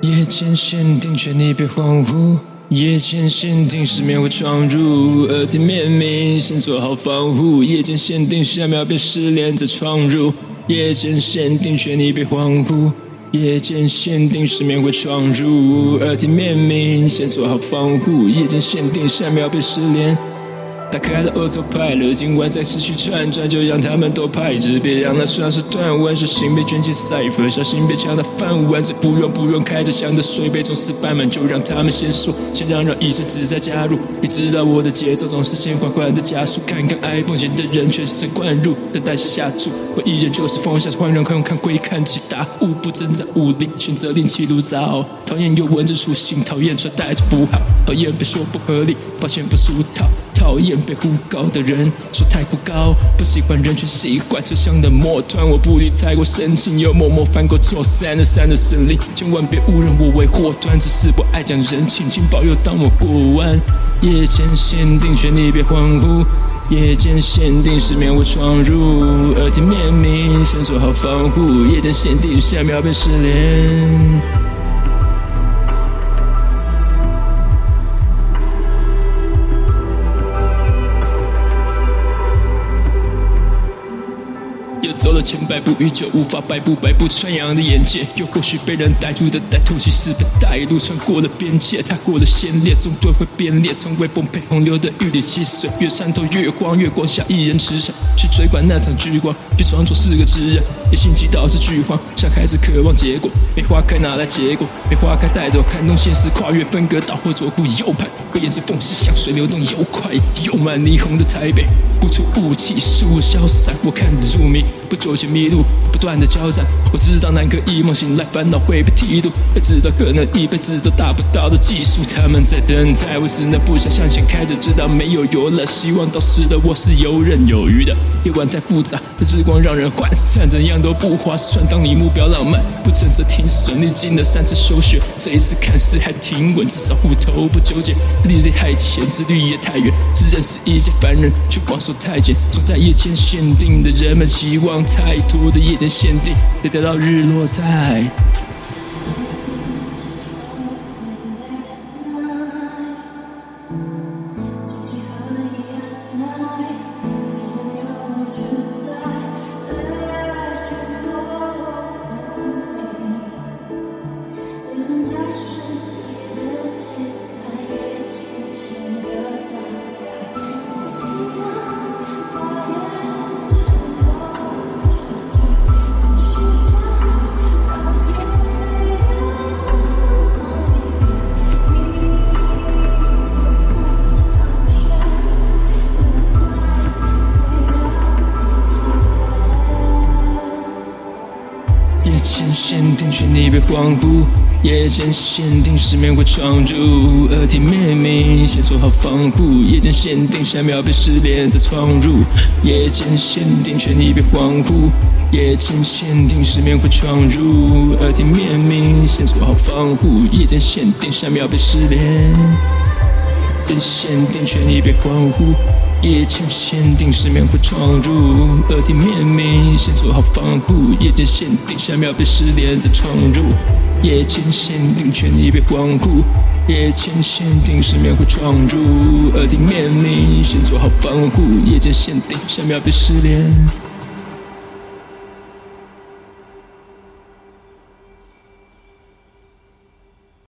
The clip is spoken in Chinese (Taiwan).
夜間限定，勸你別恍惚。夜間限定，失眠會闖入，耳提面命先做好防護。夜間限定，下秒便失聯，在床褥。夜間限定，勸你別恍惚。夜間限定，失眠會闖入，耳提面命先做好防護。夜間限定，下秒便失聯。打開了惡作派了，今晚再市區轉轉，就讓他們多拍只別讓那雙手斷腕，小心被捲進賽分，小心別搶到飯碗，最不用不用開着香的水杯從是排滿，就讓他們先說，先讓讓一生自在加入，你知道我的節奏總是先緩緩再加速，看看愛 e 險的人全身灌入，等待下注，我依然就是放下是換人看，看鬼看其他，五不增長無力，選擇另起爐灶、哦，討厭有文字粗心，討厭穿戴着不好，討厭別說不合理，抱歉不俗套。討厭被呼高的人，說太孤高；不喜歡人群喜歡車廂的末端。我步履太過深情，又默默翻過座山。那山的神靈，千萬別誤認我為禍端。只是不愛講人情，請保佑當我過彎。夜間限定，勸你別恍惚。夜間限定，失眠我闖入。耳提面命，先做好防護。夜間限定，下秒便失聯。又走了千百步，依舊無法擺佈，百步穿楊的眼界。又或許被人逮住的歹徒，其實被帶路，穿過了邊界，踏過了先烈，終會被編列，成了豐沛洪流的一縷脊髓，越參透越慌，越光，月光下一人馳騁，去追趕那盞聚光，去裝作是個職人，也心急導致劇荒，像孩子渴望結果，沒花開哪來結果？梅花開帶走，看懂現實跨越分隔島後左顧右盼，我沿著縫隙像水流動又快又慢，霓虹的台北，呼出霧氣，倏忽消散，我看得入迷。不久前迷路，不斷地交戰。我知道南柯一夢，醒來煩惱會被剃度。也知道可能一輩子都達不到的技術。他們在等待，我只能不斷向前開着，直到沒有油了。希望到時的我是游刃有餘的。夜晚太複雜，但日光讓人渙散，怎樣都不划算。當你目標浪漫，不曾設停損，歷經了三次休學，這一次看似還挺穩，至少戶頭不糾結。資歷還太淺，自律也太遠，自認是一介凡人，卻廣受待見，總在夜間限定的人們期望。望太多的夜間限定，得等到日落再。夜間限定，勸你別恍惚。夜間限定，失眠會闖入。耳提面命，先做好防護。夜間限定，下秒便失聯在床褥。夜間限定，勸你別恍惚。夜間限定，失眠會闖入。耳提面命，先做好防護。夜間限定，下秒便失聯。夜間限定，勸你別恍惚。夜間限定，失眠會闖入。耳提面命，先做好防護。夜間限定，下秒便失聯在床褥。夜間限定，勸你別恍惚。夜間限定，失眠會闖入。耳提面命，先做好防護。夜間限定，下秒便失聯。